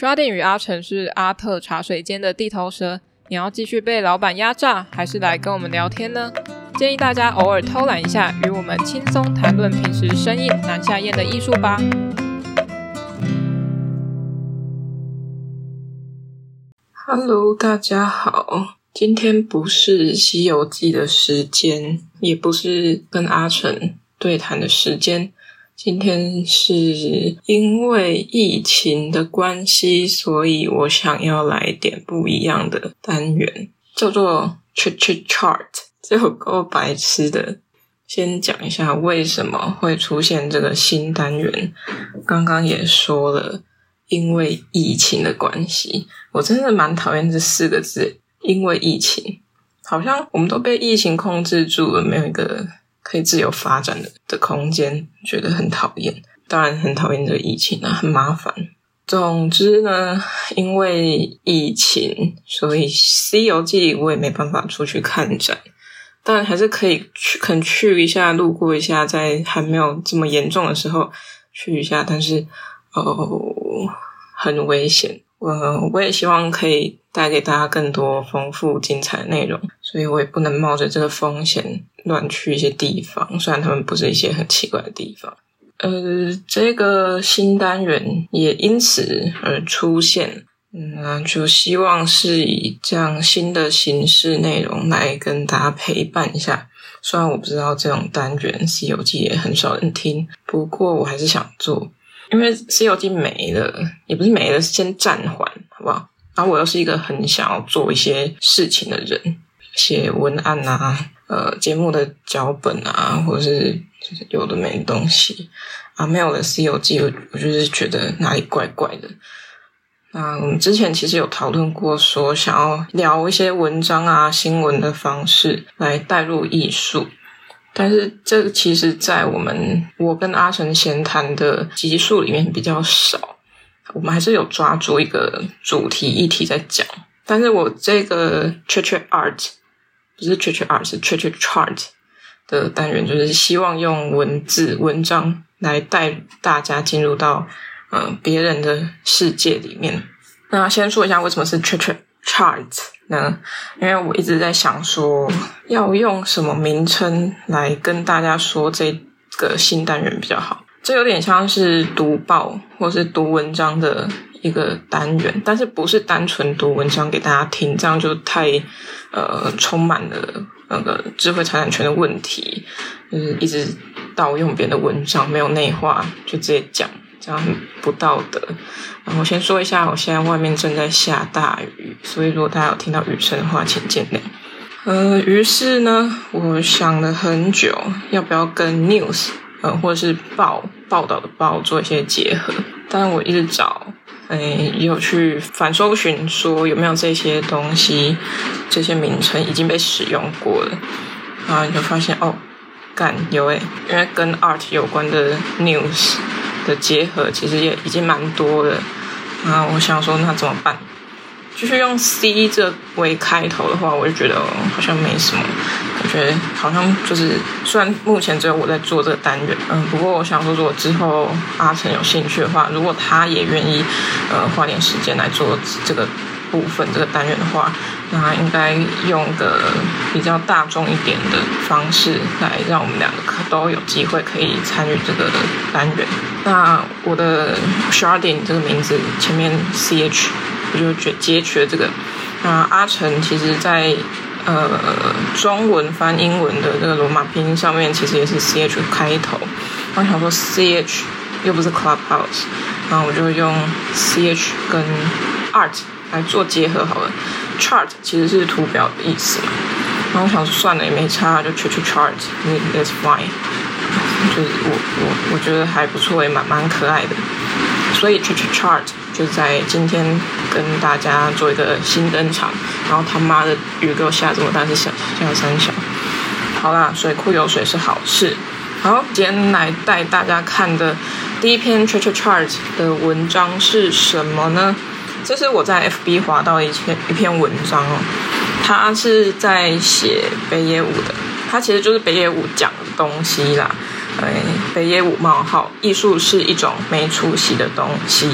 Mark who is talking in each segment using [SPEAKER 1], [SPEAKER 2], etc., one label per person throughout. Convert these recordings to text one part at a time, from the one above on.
[SPEAKER 1] 刷電與阿成是阿特茶水間的地頭蛇，你要繼續被老板壓榨，還是來跟我們聊天呢？建議大家偶爾偷懶一下，與我們輕鬆談論平時生硬難下咽的藝術吧。Hello，大家好，今天不是 C 遊記的時間，也不是跟阿成對談的時間。今天是因為疫情的關係，所以我想要來點不一樣的單元，叫做 CH CH Chart 這有夠白痴的，先講一下為什麼會出現這個新單元。剛剛也說了，因為疫情的關係，我真的蠻討厭這四個字“因為疫情”，好像我們都被疫情控制住了，沒有一個。可以自由發展的的空間，覺得很討厭。當然很討厭這個疫情啊，很麻煩。總之呢，因為疫情，所以 C 遊記我也沒辦法出去看展。當然還是可以去，肯去一下，路過一下，在還沒有這麼嚴重的時候去一下。但是哦，很危險。我、呃、我也希望可以帶給大家更多豐富精彩的內容，所以我也不能冒着這個風險亂去一些地方，雖然他們不是一些很奇怪的地方。呃，這個新單元也因此而出現，嗯，那就希望是以這樣新的形式內容來跟大家陪伴一下。雖然我不知道這種單元 C 遊記，也很少人聽，不過我還是想做。因為《C 遊記》沒了，也不是沒了，是先暫緩，好不好？然、啊、後我又是一個很想要做一些事情的人，寫文案啊，呃，節目的腳本啊，或者是，就是有的沒的東西啊，沒有了 G，《C 遊記》，我我就是覺得哪裡怪怪的。那、啊、我們之前其實有討論過說，說想要聊一些文章啊、新聞的方式來帶入藝術。但是，這個、其實，在我們我跟阿成閒談的集數裡面比較少。我們還是有抓住一個主題議題在講。但是我這個 CH CH art 不是 CH CH art，是 CH CH chart 的單元，就是希望用文字文章來帶大家進入到嗯、呃、別人的世界裡面。那先說一下為什麼是 CH CH Charts 呢？因為我一直在想說，要用什麼名稱來跟大家說這個新單元比較好。這有點像是讀報或是讀文章的一個單元，但是不是單純讀文章給大家聽，這樣就太呃充滿了那個智慧財產權的問題。就是一直盜用別人的文章沒有內化，就直接講。這樣很不道德。然後，嗯，先說一下，我現在外面正在下大雨，所以如果大家有聽到雨聲的話，請見諒。呃，於是呢，我想了很久，要不要跟 news，呃、嗯，或者是報報道的報做一些結合？但我一直找，哎、欸，有去反搜尋，說有沒有這些東西，這些名稱已經被使用過了，然後你就發現哦，幹有哎，因為跟 art 有關的 news 的結合其實也已經蠻多的，那我想說，那怎麼辦？就是用 C 這為開頭的話，我就覺得好像沒什麼。感覺好像就是，雖然目前只有我在做這個單元，嗯，不過我想說，如果之後阿成有興趣的話，如果他也願意，呃，花點時間來做這個。部分這個單元的話，那應該用個比較大眾一點的方式，來讓我們兩個可都有機會可以參與這個單元。那我的 Sharding 這個名字前面 CH，我就截截取了這個。那阿成其實在呃中文翻英文的這個羅馬拼音上面其實也是 CH 開頭。我想說 CH 又不是 Clubhouse，然後我就用 CH 跟 Art。來做結合好了，chart 其實是圖表的意思嘛。然後我想算了也沒差就就，就 CH CH Chart。That's why，就我我我覺得還不錯，也蠻蠻可愛的。所以 CH CH Chart 就在今天跟大家做一個新登場。然後他媽的雨給我下這麼大是小，是下下三小。好啦，水庫有水是好事。好，今天來帶大家看的第一篇 CH CH Chart 的文章是什麼呢？這是我在 FB 劃到一篇一篇文章，哦，他是在寫北野武的，他其實就是北野武講的東西啦。哎，北野武冒號，藝術是一種沒出息的東西。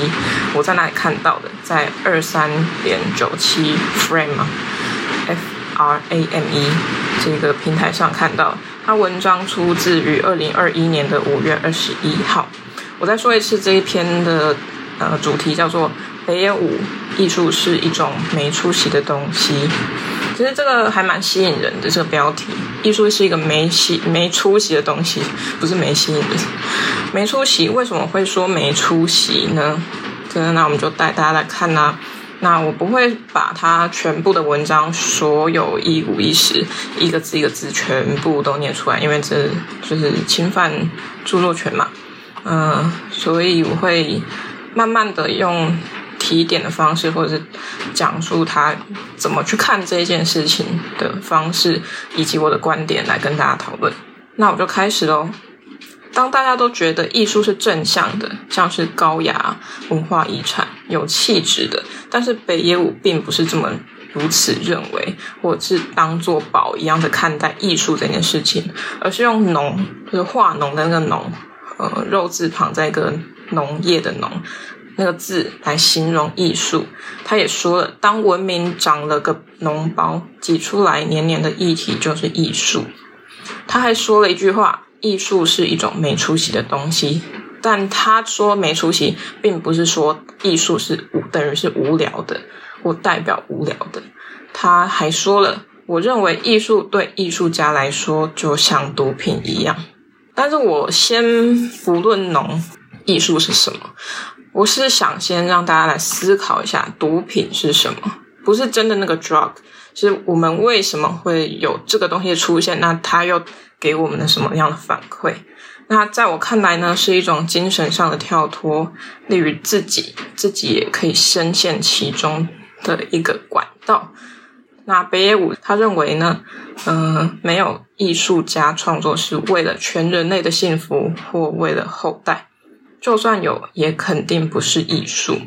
[SPEAKER 1] 我在那裡看到的，在二三點九七 Frame，F R A M E 這個平台上看到，他文章出自於二零二一年的五月二十一號。我再說一次，這一篇的呃主題叫做，北野武藝術是一種沒出息的東西，其實這個還蠻吸引人的。這個標題“藝術是一個沒吸沒出息的東西”，不是沒吸引的，沒出息。為什麼會說沒出息呢？那我們就帶大家來看啦、啊。那我不會把它全部的文章所有一五一十一個字一個字全部都念出來，因為這就是侵犯著作權嘛。嗯、呃，所以我會慢慢的用。提點的方式，或者是講述他怎麼去看這件事情的方式，以及我的觀點來跟大家討論。那我就開始嘍。當大家都覺得藝術是正向的，像是高雅文化遺產、有氣質的，但是北野武並不是這麼如此認為，或者是當做寶一樣的看待藝術這件事情，而是用「膿」，就是化膿的那個「膿」，呃，肉字旁再一個農業的「農」。那個字來形容藝術，他也說了，當文明長了個膿包，擠出來黏黏的液體就是藝術。他還說了一句話：藝術是一種沒出息的東西。但他說沒出息，並不是說藝術是等於是無聊的，或代表無聊的。他還說了，我認為藝術對藝術家來說就像毒品一樣。但是我先不論膿，藝術是什麼。我是想先讓大家來思考一下，毒品是什麼？不是真的那個 drug，是我們為什麼會有這個東西出現？那它又給我們的什麼樣的反饋？那在我看來呢，是一種精神上的跳脫，利於自己，自己也可以深陷其中的一個管道。那北野武他認為呢，嗯、呃，沒有藝術家創作是為了全人類的幸福或為了後代。就算有，也肯定不是藝術。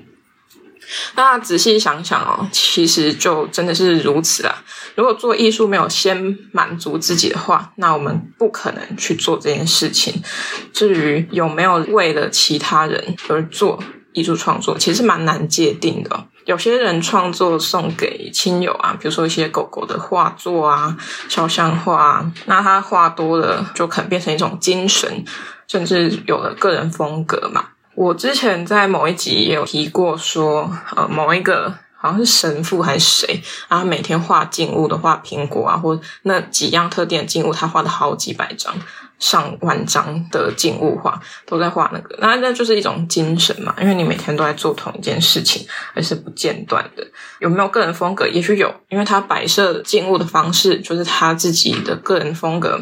[SPEAKER 1] 那仔細想想哦、喔，其實就真的是如此啊。如果做藝術沒有先滿足自己的話，那我們不可能去做這件事情。至於有沒有為了其他人而做藝術創作，其實蠻難界定的、喔。有些人創作送給親友啊，比如說一些狗狗的畫作啊、肖像畫啊，那他畫多了，就可能變成一種精神。甚至有了個人風格嘛？我之前在某一集也有提過說，說呃，某一個好像是神父還是誰，然後每天畫靜物的畫蘋果啊，或那幾樣特定的靜物，他畫了好幾百張、上萬張的靜物畫都在畫那個，那那就是一種精神嘛。因為你每天都在做同一件事情，而是不間斷的，有沒有個人風格？也許有，因為他擺設靜物的方式就是他自己的個人風格，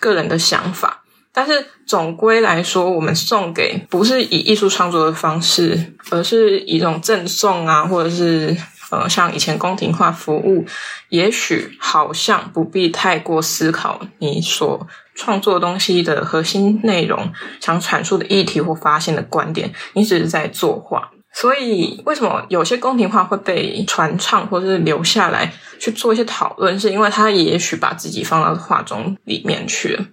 [SPEAKER 1] 個人的想法。但是總歸來說，我們送給不是以藝術創作的方式，而是以一種贈送啊，或者是呃，像以前宮廷畫服務，也許好像不必太過思考你所創作東西的核心內容，想闡述的議題或發現的觀點，你只是在作畫。所以，為什麼有些宮廷畫會被傳唱或者是留下來去做一些討論？是因為他也許把自己放到畫中裡面去了。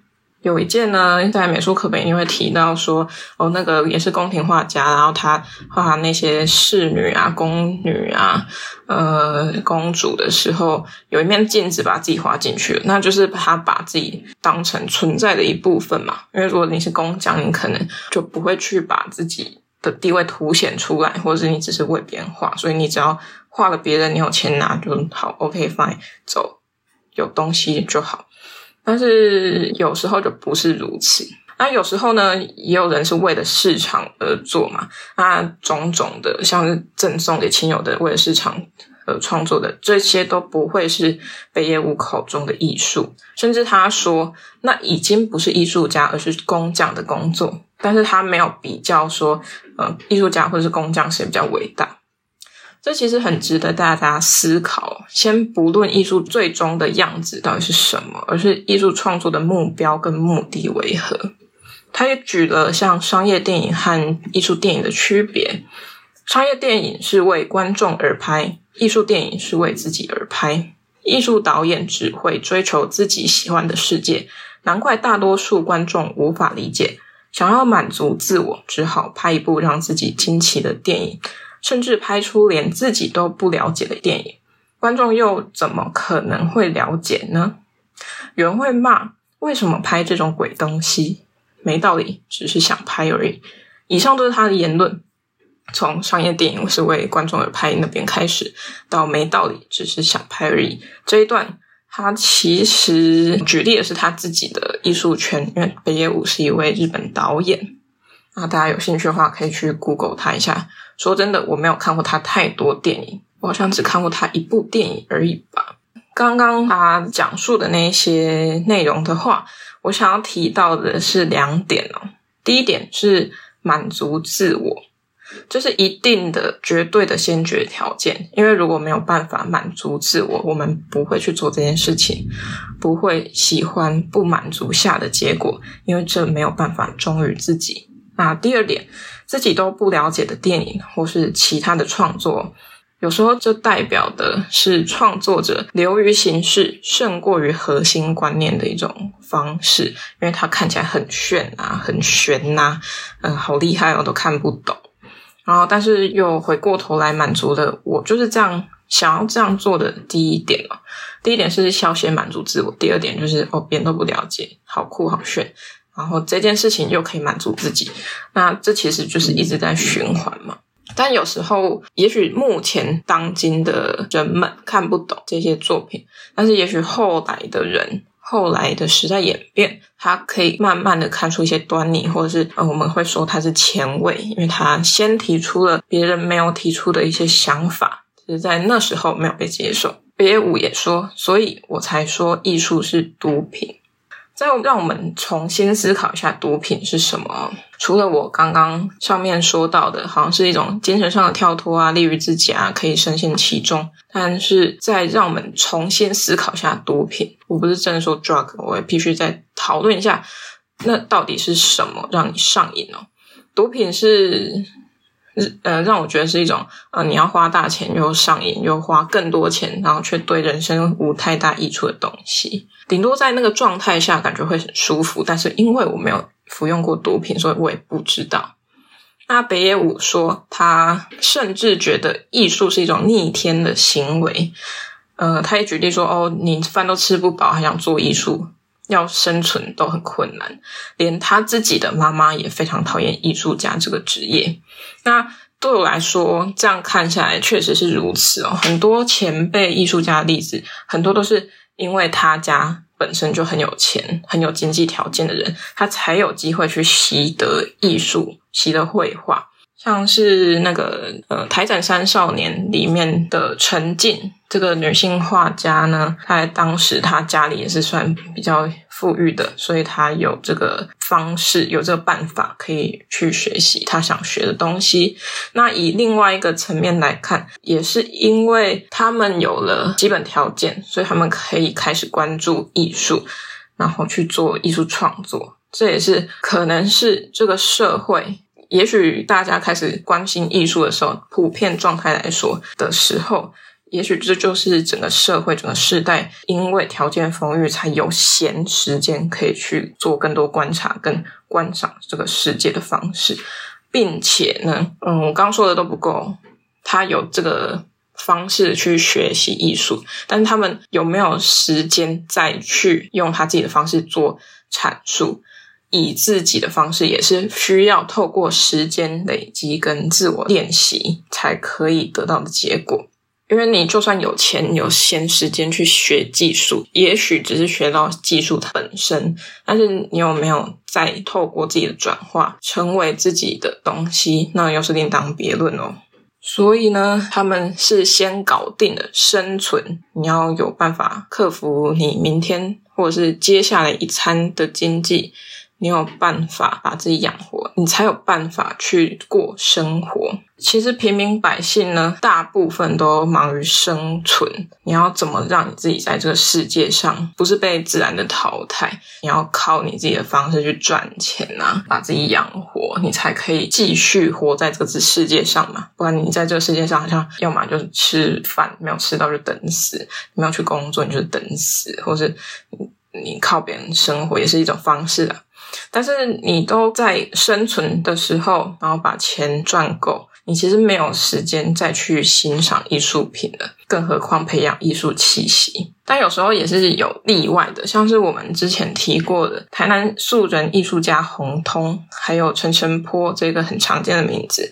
[SPEAKER 1] 有一件呢，在美術課本也會提到說，哦，那個也是宮廷畫家，然後他畫那些侍女啊、宮女啊、呃公主的時候，有一面鏡子把自己畫進去了，那就是他把自己當成存在的一部分嘛。因為如果你是工匠，你可能就不會去把自己的地位凸顯出來，或者是你只是為別人畫，所以你只要畫了別人，你有錢拿就好，OK fine，走，有東西就好。但是有時候就不是如此，那有時候呢，也有人是為了市場而做嘛，那種種的，像是贈送給親友的，為了市場而創作的，這些都不會是北野武口中的藝術，甚至他說，那已經不是藝術家，而是工匠的工作，但是他沒有比較說，呃，藝術家或者是工匠誰比較偉大。這其實很值得大家思考。先不論藝術最終的樣子到底是什麼，而是藝術創作的目標跟目的為何。他也舉了像商業電影和藝術電影的區別：商業電影是為觀眾而拍，藝術電影是為自己而拍。藝術導演只會追求自己喜歡的世界，難怪大多數觀眾無法理解。想要滿足自我，只好拍一部讓自己驚奇的電影。甚至拍出連自己都不了解的電影，觀眾又怎麼可能會了解呢？有人會罵，為什麼拍這種鬼東西？沒道理，只是想拍而已。以上都是他的言論。從商業電影是為觀眾而拍那邊開始，到沒道理只是想拍而已這一段，他其實舉例的是他自己的藝術圈，因為北野武是一位日本導演。那大家有興趣的話，可以去 Google 他一下。說真的，我沒有看過他太多電影，我好像只看過他一部電影而已吧。剛剛他講述的那些內容的話，我想要提到的是兩點哦。第一點是滿足自我，這、就是一定的絕對的先決條件。因為如果沒有辦法滿足自我，我們不會去做這件事情，不會喜歡不滿足下的結果，因為這沒有辦法忠於自己。那第二點，自己都不了解的電影或是其他的創作，有時候就代表的是創作者流於形式，勝過於核心觀念的一種方式，因為它看起來很炫啊，很玄吶、啊，嗯、呃，好厲害哦，都看不懂。然後，但是又回過頭來滿足了我就是這樣想要這樣做的第一點哦。第一點是消遣，滿足自我；第二點就是哦，別人都不了解，好酷，好炫。然後這件事情又可以滿足自己，那這其實就是一直在循環嘛。但有時候，也許目前當今的人們看不懂這些作品，但是也許後來的人、後來的時代演變，他可以慢慢的看出一些端倪，或者是呃我們會說他是前衛，因為他先提出了別人沒有提出的一些想法，只、就是在那時候沒有被接受。北野武也說，所以我才說藝術是毒品。再讓我們重新思考一下毒品是什麼？除了我剛剛上面說到的，好像是一種精神上的跳脫啊，利於自己啊，可以深陷其中。但是再讓我們重新思考一下毒品，我不是真的說 drug，我也必須再討論一下，那到底是什麼讓你上癮呢、哦？毒品是。呃，讓我覺得是一種啊，呃，你要花大錢又上癮，又花更多錢，然後卻對人生無太大益處的東西。頂多在那個狀態下感覺會很舒服，但是因為我沒有服用過毒品，所以我也不知道。那北野武說，他甚至覺得藝術是一種逆天的行為。呃，他也舉例說，哦，你飯都吃不飽，還想做藝術？要生存都很困難，連他自己的媽媽也非常討厭藝術家這個職業。那對我來說，這樣看下來確實是如此哦，很多前輩藝術家的例子，很多都是因為他家本身就很有錢，很有經濟條件的人，他才有機會去習得藝術，習得繪畫。像是那個呃，《台展三少年》裡面的陳進，這個女性畫家呢，她在當時她家裡也是算比較富裕的，所以她有這個方式，有這個辦法可以去學習她想學的東西。那以另外一個層面來看，也是因為他們有了基本條件，所以他們可以開始關注藝術，然後去做藝術創作。這也是可能是這個社會。也許大家開始關心藝術的時候，普遍狀態來說的時候，也許這就是整個社會、整個世代，因為條件豐裕，才有閒時間可以去做更多觀察、跟觀賞這個世界的方式，並且呢，嗯，我剛剛說的都不夠，他有這個方式去學習藝術，但是他們有沒有時間再去用他自己的方式做闡述？以自己的方式，也是需要透過時間累積跟自我練習才可以得到的結果。因為你就算有錢有閒時間去學技術，也許只是學到技術本身，但是你有沒有再透過自己的轉化成為自己的東西，那又是另當別論哦。所以呢，他們是先搞定了生存，你要有辦法克服你明天或者是接下來一餐的經濟。你有辦法把自己養活，你才有辦法去過生活。其實平民百姓呢，大部分都忙於生存。你要怎麼讓你自己在這個世界上不是被自然的淘汰？你要靠你自己的方式去賺錢啊，把自己養活，你才可以繼續活在這個世世界上嘛。不然你在這個世界上好像要麼就是吃飯，沒有吃到就等死，沒有去工作你就等死，或是你靠別人生活也是一種方式的啊。但是你都在生存的時候，然後把錢賺夠，你其實沒有時間再去欣賞藝術品了，更何況培養藝術氣息。但有時候也是有例外的，像是我們之前提過的台南素人藝術家洪通，還有陳澄波這個很常見的名字，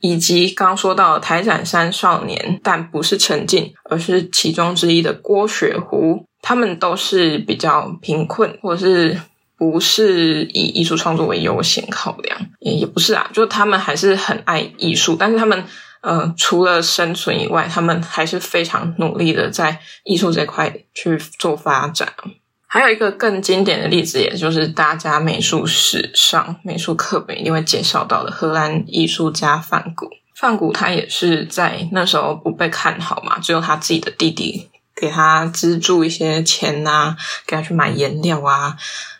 [SPEAKER 1] 以及剛剛說到台展三少年，但不是陳進，而是其中之一的郭雪湖，他們都是比較貧困或者是。不是以藝術創作為優先考量也，也不是啊，就他們還是很愛藝術，但是他們呃除了生存以外，他們還是非常努力的在藝術這塊去做發展。還有一個更經典的例子，也就是大家美術史上、美術課本一定會介紹到的荷蘭藝術家梵谷。梵谷他也是在那時候不被看好嘛，只有他自己的弟弟。給他資助一些錢吶、啊，給他去買顏料啊，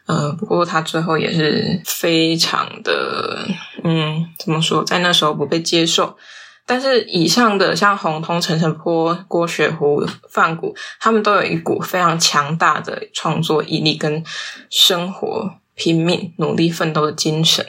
[SPEAKER 1] 呃，不過他最後也是非常的，嗯，怎麼說，在那時候不被接受。但是以上的像洪通、陳澄波、郭雪湖、梵谷，他們都有一股非常強大的創作毅力跟生活拼命努力奮鬥的精神，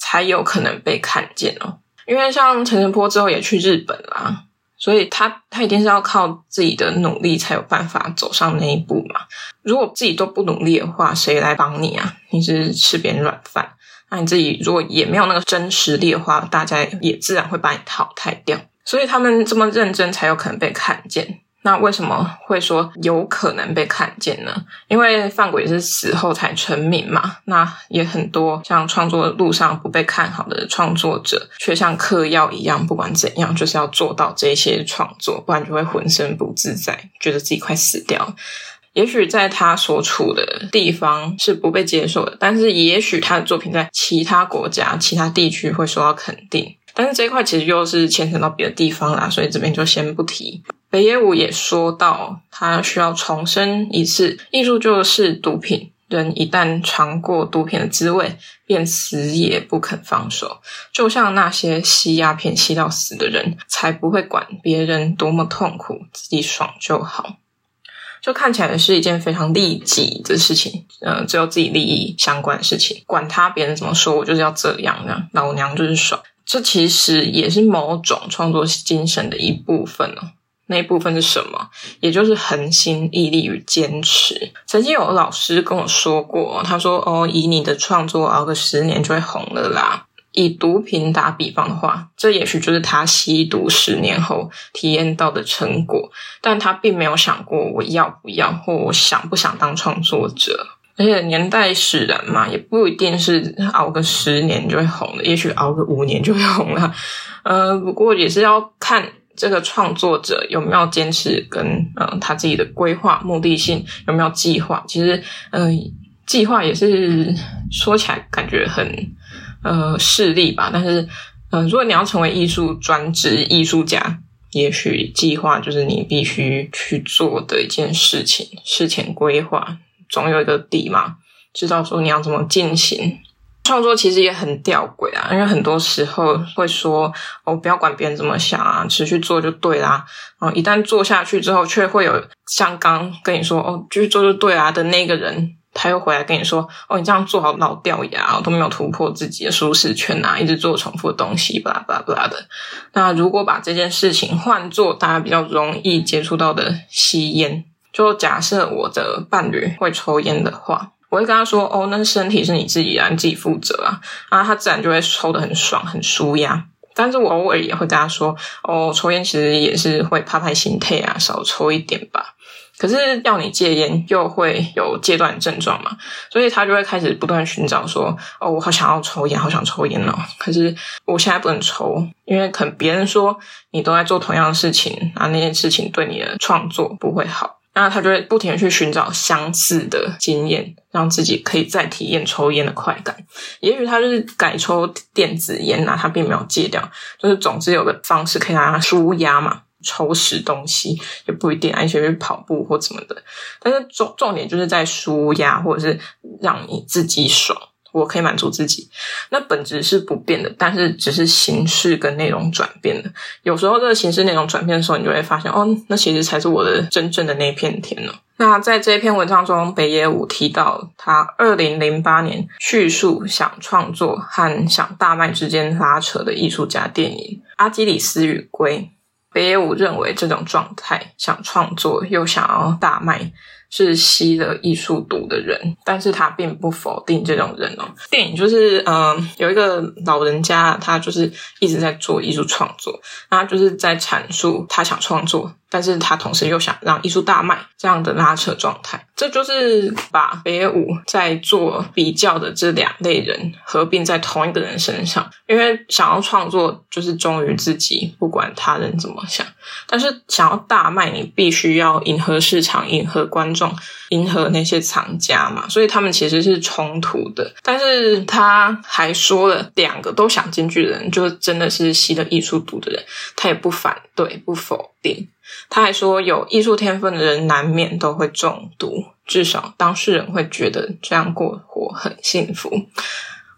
[SPEAKER 1] 才有可能被看見哦。因為像陳澄波之後也去日本啦、啊。所以他他一定是要靠自己的努力才有辦法走上那一步嘛。如果自己都不努力的話，誰來幫你啊？你是吃別人軟飯，那你自己如果也沒有那個真實力的話，大家也自然會把你淘汰掉。所以他們這麼認真，才有可能被看見。那為什麼會說有可能被看見呢？因為梵谷是死後才成名嘛。那也很多像創作的路上不被看好的創作者，卻像嗑藥一樣，不管怎樣，就是要做到這些創作，不然就會渾身不自在，覺得自己快死掉了。也許在他所處的地方是不被接受的，但是也許他的作品在其他國家、其他地區會受到肯定。但是這一塊其實又是牽扯到別的地方啦，所以這邊就先不提。北野武也說到，他需要重申一次：藝術就是毒品。人一旦嘗過毒品的滋味，便死也不肯放手。就像那些吸鴉片吸到死的人，才不會管別人多麼痛苦，自己爽就好。就看起來是一件非常利己的事情，嗯、呃，只有自己利益相關的事情，管他別人怎麼說，我就是要這樣，老娘就是爽。這其實也是某種創作精神的一部分哦。那一部分是什麼？也就是恆心、毅力與堅持。曾經有老師跟我說過，他說：“哦，以你的創作熬個十年就會紅了啦。”以毒品打比方的話，這也許就是他吸毒十年後體驗到的成果。但他並沒有想過我要不要或我想不想當創作者。而且年代使然嘛，也不一定是熬個十年就會紅的，也許熬個五年就會紅了。呃，不過也是要看。這個創作者有沒有堅持跟嗯、呃、他自己的規劃目的性有沒有計劃？其實嗯、呃、計劃也是說起來感覺很呃勢利吧，但是嗯、呃、如果你要成為藝術專職藝術家，也許計劃就是你必須去做的一件事情，事前規劃總有一個底嘛，知道說你要怎麼進行。創作其實也很吊詭啊，因為很多時候會說哦，不要管別人怎麼想啊，持續做就對啦。然後，哦，一旦做下去之後，卻會有像剛跟你說哦，繼續做就對啦的那個人，他又回來跟你說哦，你這樣做好老掉牙，我都沒有突破自己的舒適圈啊，一直做重複的東西，巴拉巴拉巴拉的。那如果把這件事情換做大家比較容易接觸到的吸菸，就假設我的伴侶會抽菸的話。我會跟他說：“哦，那身體是你自己的、啊，你自己負責啊！”啊，他自然就會抽得很爽，很舒壓。但是我偶爾也會跟他說：“哦，抽煙其實也是會怕太心態啊，少抽一點吧。”可是要你戒煙，又會有戒斷症狀嘛，所以他就會開始不斷尋找說：“哦，我好想要抽煙，好想抽煙哦！”可是我現在不能抽，因為可能別人說你都在做同樣的事情啊，那件事情對你的創作不會好。那他就會不停去尋找相似的經驗，讓自己可以再體驗抽菸的快感。也許他就是改抽電子菸呐、啊，他並沒有戒掉，就是總之有個方式可以讓他舒壓嘛，抽食東西也不一定、啊，而且去跑步或怎麼的。但是重重點就是在舒壓，或者是讓你自己爽。我可以滿足自己，那本質是不變的，但是只是形式跟內容轉變了。有時候這個形式內容轉變的時候，你就會發現，哦，那其實才是我的真正的那片天了。那在這一篇文章中，北野武提到他二零零八年敘述想創作和想大賣之間拉扯的藝術家電影《阿基里斯與龜》。北野武認為這種狀態，想創作又想要大賣。是吸了藝術毒的人，但是他並不否定這種人哦。電影就是，嗯，有一個老人家，他就是一直在做藝術創作，然後就是在闡述他想創作，但是他同時又想讓藝術大賣，這樣的拉扯狀態。這就是把北野武在做比較的這兩類人合併在同一個人身上，因為想要創作就是忠於自己，不管他人怎麼想，但是想要大賣，你必須要迎合市場，迎合觀眾，迎合那些藏家嘛，所以他們其實是衝突的。但是他還說了，兩個都想進去的人，就真的是吸了藝術毒的人，他也不反對，不否定。他還說，有藝術天分的人難免都會中毒，至少當事人會覺得這樣過活很幸福。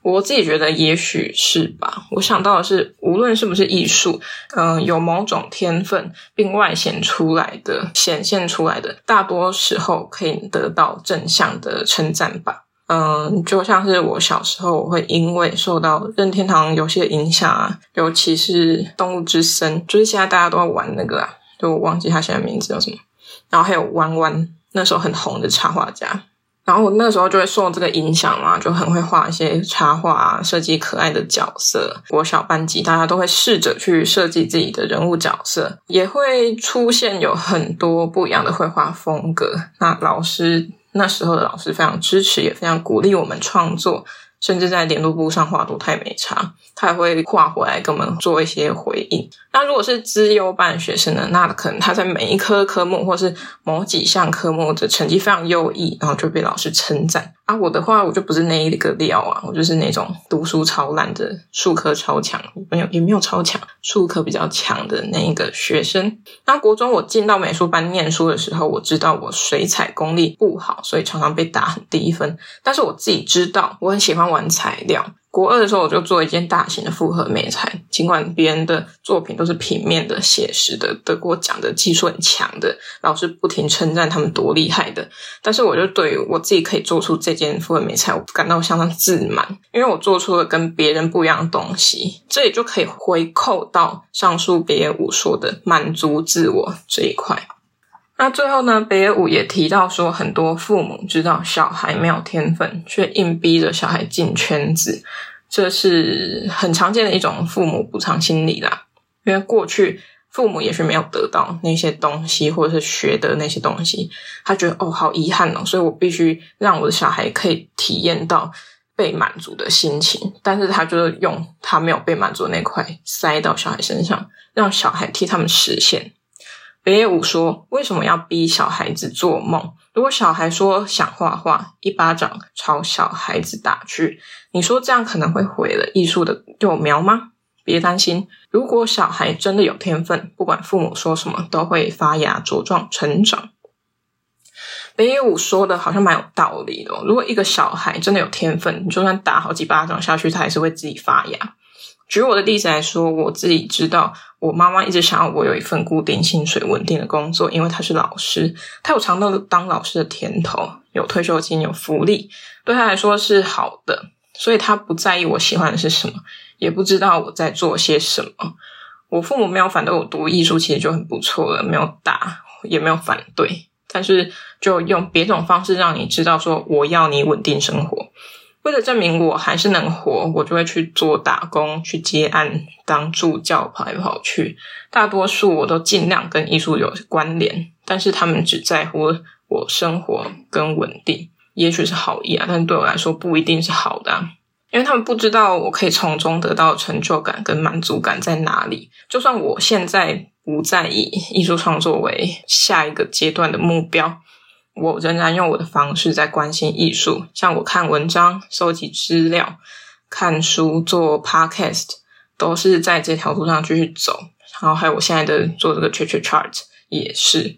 [SPEAKER 1] 我自己覺得也許是吧。我想到的是，無論是不是藝術，嗯、呃，有某種天分並外顯出來的，顯現出來的，大多時候可以得到正向的稱讚吧。嗯、呃，就像是我小時候，我會因為受到任天堂遊戲的影響啊，尤其是《動物之森》，就是現在大家都在玩那個啊，就我忘記它現在名字叫什麼。然後還有彎彎，那時候很紅的插畫家。然後我那時候就會受這個影響嘛，就很會畫一些插畫啊，設計可愛的角色。國小班級大家都會試着去設計自己的人物角色，也會出現有很多不一樣的繪畫風格。那老師那時候的老師非常支持，也非常鼓勵我們創作。甚至在連絡簿上畫圖他也沒差，他也會畫回來給我們做一些回應。那如果是資優班學生呢？那可能他在每一科科目或是某幾項科目的成績非常優異，然後就被老師稱讚。啊，我的話我就不是那一個料啊，我就是那種讀書超爛的，術科超強，沒有也沒有超強，術科比較強的那一個學生。當國中我進到美術班念書的時候，我知道我水彩功力不好，所以常常被打很低分。但是我自己知道，我很喜歡玩材料。國二的時候，我就做一件大型的複合媒材。儘管別人的作品都是平面的、寫實的，得過獎的技術很強的，老師不停稱讚他們多厲害的，但是我就對於我自己可以做出這件複合媒材，我感到相當自滿，因為我做出了跟別人不一樣的東西，這也就可以回扣到上述北野武說的滿足自我這一塊。那最後呢，北野武也提到說，很多父母知道小孩沒有天分，卻硬逼着小孩進圈子，這是很常見的一種父母補償心理啦。因為過去父母也是沒有得到那些東西，或者是學的那些東西，他覺得哦，好遺憾哦，所以我必須讓我的小孩可以體驗到被滿足的心情，但是他就是用他沒有被滿足的那塊塞到小孩身上，讓小孩替他們實現。北野武說：“為什麼要逼小孩子做夢？如果小孩說想畫畫，一巴掌朝小孩子打去，你說這樣可能會毀了藝術的幼苗嗎？別擔心，如果小孩真的有天分，不管父母說什麼，都會發芽茁壯成長。”北野武說的好像蠻有道理的哦。如果一個小孩真的有天分，你就算打好幾巴掌下去，他還是會自己發芽。舉我的例子來說，我自己知道，我媽媽一直想要我有一份固定薪水，穩定的工作，因為她是老師，她有嘗到當老師的甜頭，有退休金，有福利，對她來說是好的，所以她不在意我喜歡的是什麼，也不知道我在做些什麼。我父母沒有反對我讀藝術，其實就很不錯了，沒有打，也沒有反對，但是就用別種方式讓你知道，說我要你穩定生活。為了證明我還是能活，我就會去做打工、去接案、當助教，跑來跑去。大多數我都盡量跟藝術有關聯，但是他們只在乎我生活跟穩定。也許是好意啊，但對我來說不一定是好的啊。因為他們不知道我可以從中得到成就感跟滿足感在哪裡。就算我現在不再以藝術創作為下一個階段的目標。我仍然用我的方式在關心藝術，像我看文章、收集資料、看書、做 podcast，都是在這條路上繼續走。然後還有我現在的做這個 CH CH Chart 也是，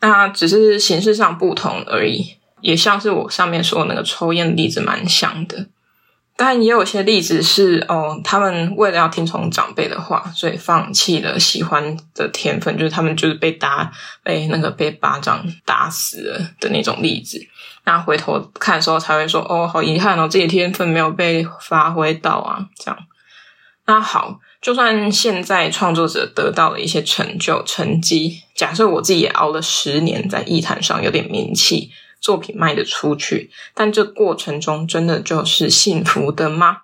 [SPEAKER 1] 那只是形式上不同而已。也像是我上面說的那個抽菸的例子，蠻像的。但也有一些例子是哦，他們為了要聽從長輩的話，所以放棄了喜歡的天分，就是他們就是被打、被那個被巴掌打死了的那種例子。那回頭看的時候，才會說哦，好遺憾哦，這些天分沒有被發揮到啊。這樣，那好，就算現在創作者得到了一些成就、成績，假設我自己也熬了十年，在藝壇上有點名氣。作品賣得出去，但這過程中真的就是幸福的嗎？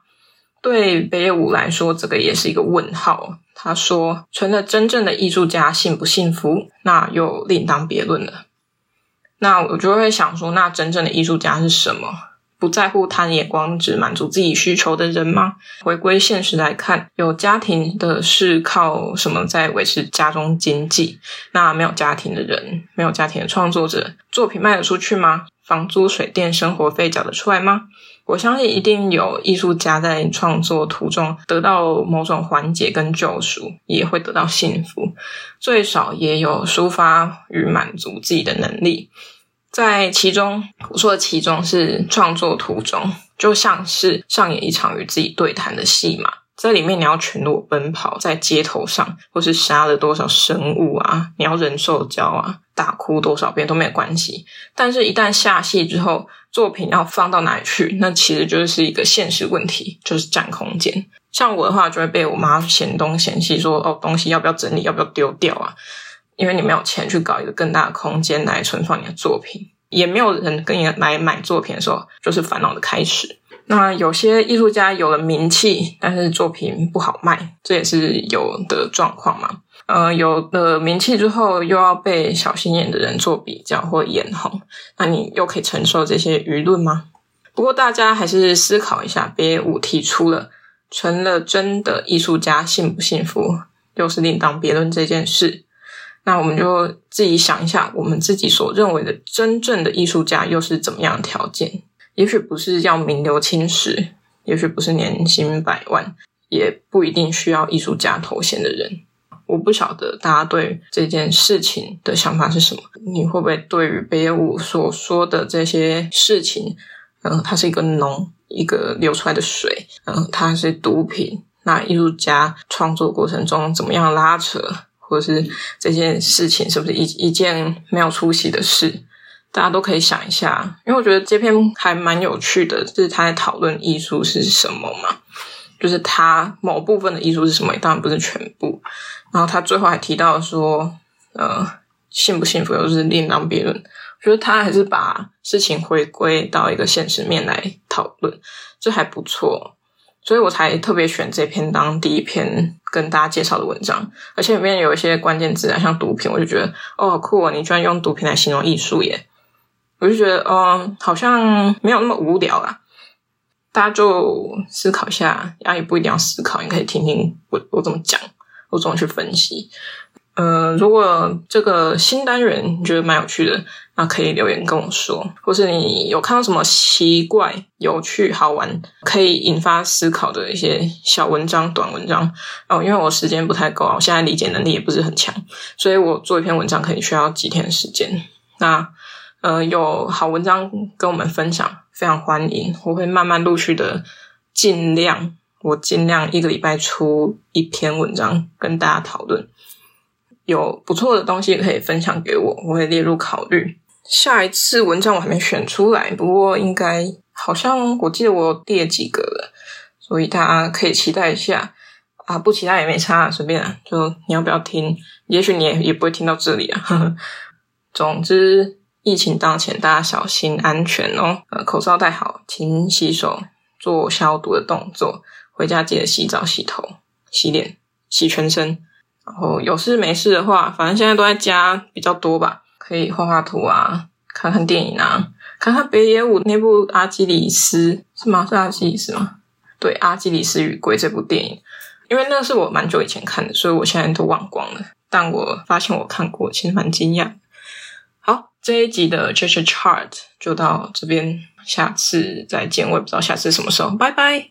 [SPEAKER 1] 對北野武來說，這個也是一個問號。他說：“成了真正的藝術家，幸不幸福？那又另當別論了。”那我就會想說，那真正的藝術家是什麼？不在乎他人眼光，只滿足自己需求的人嗎？回歸現實來看，有家庭的是靠什麼在維持家中經濟？那沒有家庭的人，沒有家庭的創作者，作品賣得出去嗎？房租、水電、生活費繳得出來嗎？我相信一定有藝術家在創作途中得到某種緩解跟救贖，也會得到幸福，最少也有抒發與滿足自己的能力。在其中，我說的其中是創作途中，就像是上演一場與自己對談的戲嘛。這裡面你要全裸奔跑在街頭上，或是殺了多少生物啊，你要忍受焦啊，大哭多少遍都沒有關係。但是，一旦下戲之後，作品要放到哪裡去，那其實就是一個現實問題，就是占空間。像我的話，就會被我媽嫌東嫌西，說哦，東西要不要整理，要不要丟掉啊。因為你沒有錢去搞一個更大的空間來存放你的作品，也沒有人跟你來買作品的時候，就是煩惱的開始。那有些藝術家有了名氣，但是作品不好賣，這也是有的狀況嘛。呃，有了名氣之後，又要被小心眼的人做比較或眼紅，那你又可以承受這些輿論嗎？不過大家還是思考一下，北野武提出了成了真的藝術家幸不幸福，又、就是另當別論這件事。那我們就自己想一下，我們自己所認為的真正的藝術家又是怎麼樣的條件？也許不是要名留青史，也許不是年薪百萬，也不一定需要藝術家頭銜的人。我不曉得大家對這件事情的想法是什麼。你會不會對於北野武所說的這些事情，嗯，它是一個膿，一個流出來的水，嗯，它是毒品。那藝術家創作過程中怎麼樣拉扯？或是這件事情是不是一一件沒有出息的事？大家都可以想一下，因為我覺得這篇還蠻有趣的，就是他在討論藝術是什麼嘛，就是他某部分的藝術是什麼，也當然不是全部。然後他最後還提到說，呃，幸不幸福又是另當別論。我覺得他還是把事情回歸到一個現實面來討論，這還不錯。所以我才特別選這篇當第一篇跟大家介紹的文章，而且裡面有一些關鍵字啊，像毒品，我就覺得哦好酷啊、哦，你居然用毒品來形容藝術耶！我就覺得嗯、哦，好像沒有那麼無聊啊。大家就思考一下，啊也不一定要思考，你可以聽聽我我怎麼講，我怎麼去分析。呃，如果這個新單元你覺得蠻有趣的，那可以留言跟我說，或是你有看到什麼奇怪、有趣、好玩、可以引發思考的一些小文章、短文章哦。因為我時間不太夠啊，我現在理解能力也不是很強，所以我做一篇文章可能需要幾天時間。那呃，有好文章跟我們分享，非常歡迎。我會慢慢陸續的，儘量我儘量一個禮拜出一篇文章跟大家討論。有不錯的東西可以分享給我，我會列入考慮。下一次文章我還沒選出來，不過應該好像我記得我列幾個了，所以大家可以期待一下啊！不期待也沒差，隨便啊。就你要不要聽？也許你也也不會聽到這裡啊呵呵。總之，疫情當前，大家小心安全哦。呃、啊，口罩戴好，勤洗手做消毒的動作。回家記得洗澡、洗頭、洗臉、洗全身。然後有事沒事的話，反正現在都在家比較多吧，可以畫畫圖啊，看看電影啊，看看北野武那部《阿基里斯》是嗎？是阿基里斯嗎？對，《阿基里斯與龜》這部電影，因為那是我蠻久以前看的，所以我現在都忘光了。但我發現我看過，其實蠻驚訝。好，這一集的 CH CH Chart 就到這邊，下次再見。我也不知道下次什麼時候，拜拜。